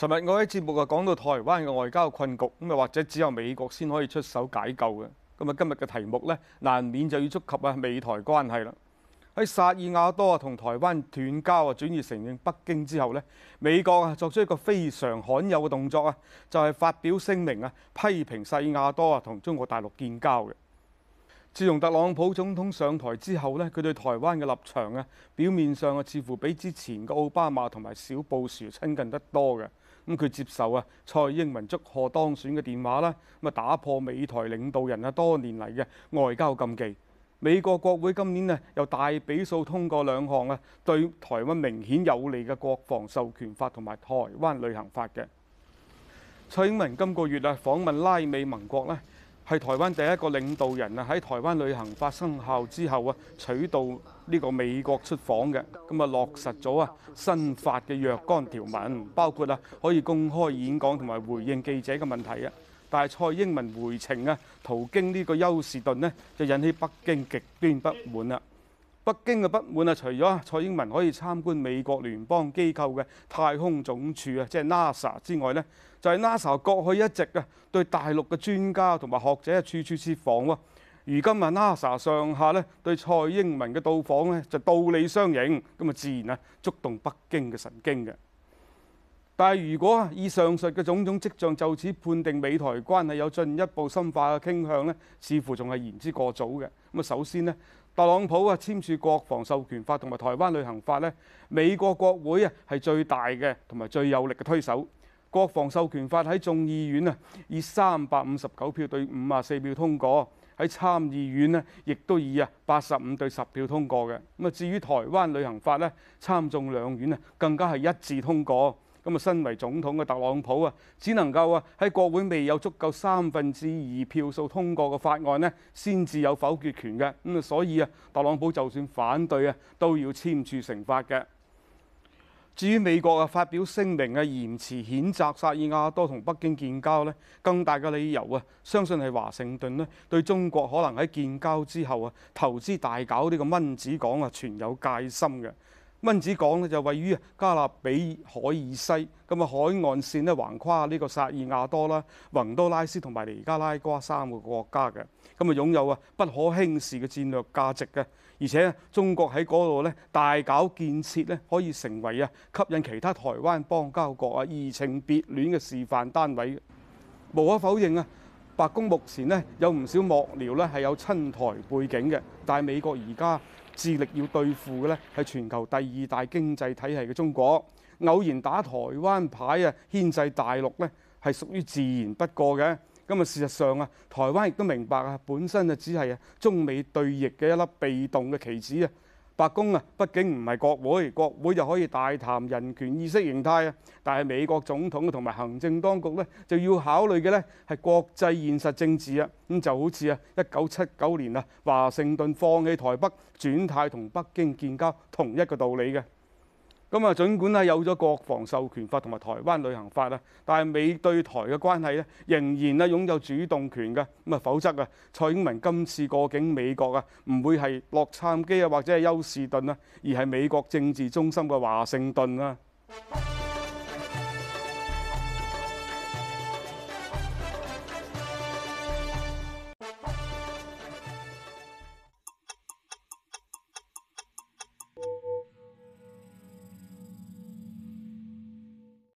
尋日我喺節目啊講到台灣嘅外交困局，咁啊或者只有美國先可以出手解救嘅。咁啊今日嘅題目咧，難免就要觸及啊美台關係啦。喺薩爾瓦多啊同台灣斷交啊轉而承認北京之後咧，美國啊作出一個非常罕有嘅動作啊，就係發表聲明啊批評薩爾瓦多啊同中國大陸建交嘅。自從特朗普總統上台之後咧，佢對台灣嘅立場啊表面上啊似乎比之前嘅奧巴馬同埋小布殊親近得多嘅。咁佢接受啊蔡英文祝賀當選嘅電話啦，咁啊打破美台領導人啊多年嚟嘅外交禁忌。美國國會今年咧又大比數通過兩項啊對台灣明顯有利嘅國防授權法同埋台灣旅行法嘅。蔡英文今個月啊訪問拉美盟國咧，係台灣第一個領導人啊！喺台灣旅行法生效之後啊，取道呢個美國出訪嘅，咁啊落實咗啊新法嘅若干條文，包括啊可以公開演講同埋回應記者嘅問題啊。但係蔡英文回程啊，途經呢個休士頓呢，就引起北京極端不滿啦。北京嘅不滿啊，除咗蔡英文可以參觀美國聯邦機構嘅太空總署啊，即係 NASA 之外咧，就係 NASA 過去一直啊對大陸嘅專家同埋學者啊處處設防。如今啊，NASA 上下咧對蔡英文嘅到訪咧就倒屣相迎，咁啊自然啊觸動北京嘅神經嘅。但係，如果以上述嘅種種跡象就此判定美台關係有進一步深化嘅傾向咧，似乎仲係言之過早嘅。咁啊，首先咧，特朗普啊簽署國防授權法同埋台灣旅行法咧，美國國會啊係最大嘅同埋最有力嘅推手。國防授權法喺眾議院啊以三百五十九票對五啊四票通過，喺參議院咧亦都以啊八十五對十票通過嘅。咁啊，至於台灣旅行法咧，參眾兩院啊更加係一致通過。咁啊，身為總統嘅特朗普啊，只能夠啊喺國會未有足夠三分之二票數通過嘅法案咧，先至有否決權嘅。咁啊，所以啊，特朗普就算反對啊，都要簽署成法嘅。至於美國啊，發表聲明啊，嚴辭譴責薩爾瓦多同北京建交咧，更大嘅理由啊，相信係華盛頓咧，對中國可能喺建交之後啊，投資大搞呢個蚊子港啊，存有戒心嘅。蚊子港咧就位於加勒比海以西，咁啊海岸線咧橫跨呢個薩爾瓦多啦、洪都拉斯同埋尼加拉瓜三個國家嘅，咁啊擁有啊不可輕視嘅戰略價值嘅，而且中國喺嗰度呢，大搞建設呢，可以成為啊吸引其他台灣邦交國啊移情別戀嘅示範單位。無可否認啊，白宮目前呢，有唔少幕僚呢係有親台背景嘅，但係美國而家致力要對付嘅咧係全球第二大經濟體系嘅中國，偶然打台灣牌啊，牽制大陸咧係屬於自然不過嘅。咁啊，事實上啊，台灣亦都明白啊，本身就只係啊中美對弈嘅一粒被動嘅棋子啊。白宮啊，畢竟唔係國會，國會就可以大談人權意識形態。但係美國總統同埋行政當局呢，就要考慮嘅呢係國際現實政治啊。咁就好似啊，一九七九年啊，華盛頓放棄台北，轉態同北京建交，同一個道理嘅。咁啊，儘管咧有咗國防授權法同埋台灣旅行法啦，但係美對台嘅關係咧，仍然咧擁有主動權嘅。咁啊，否則啊，蔡英文今次過境美國啊，唔會係洛杉磯啊，或者係休士頓啊，而係美國政治中心嘅華盛頓啊。